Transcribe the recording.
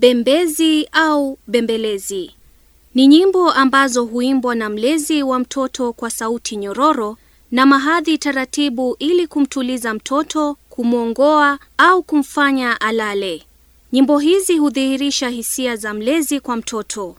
bembezi au bembelezi. Ni nyimbo ambazo huimbwa na mlezi wa mtoto kwa sauti nyororo na mahadhi taratibu ili kumtuliza mtoto, kumwongoa au kumfanya alale. Nyimbo hizi hudhihirisha hisia za mlezi kwa mtoto.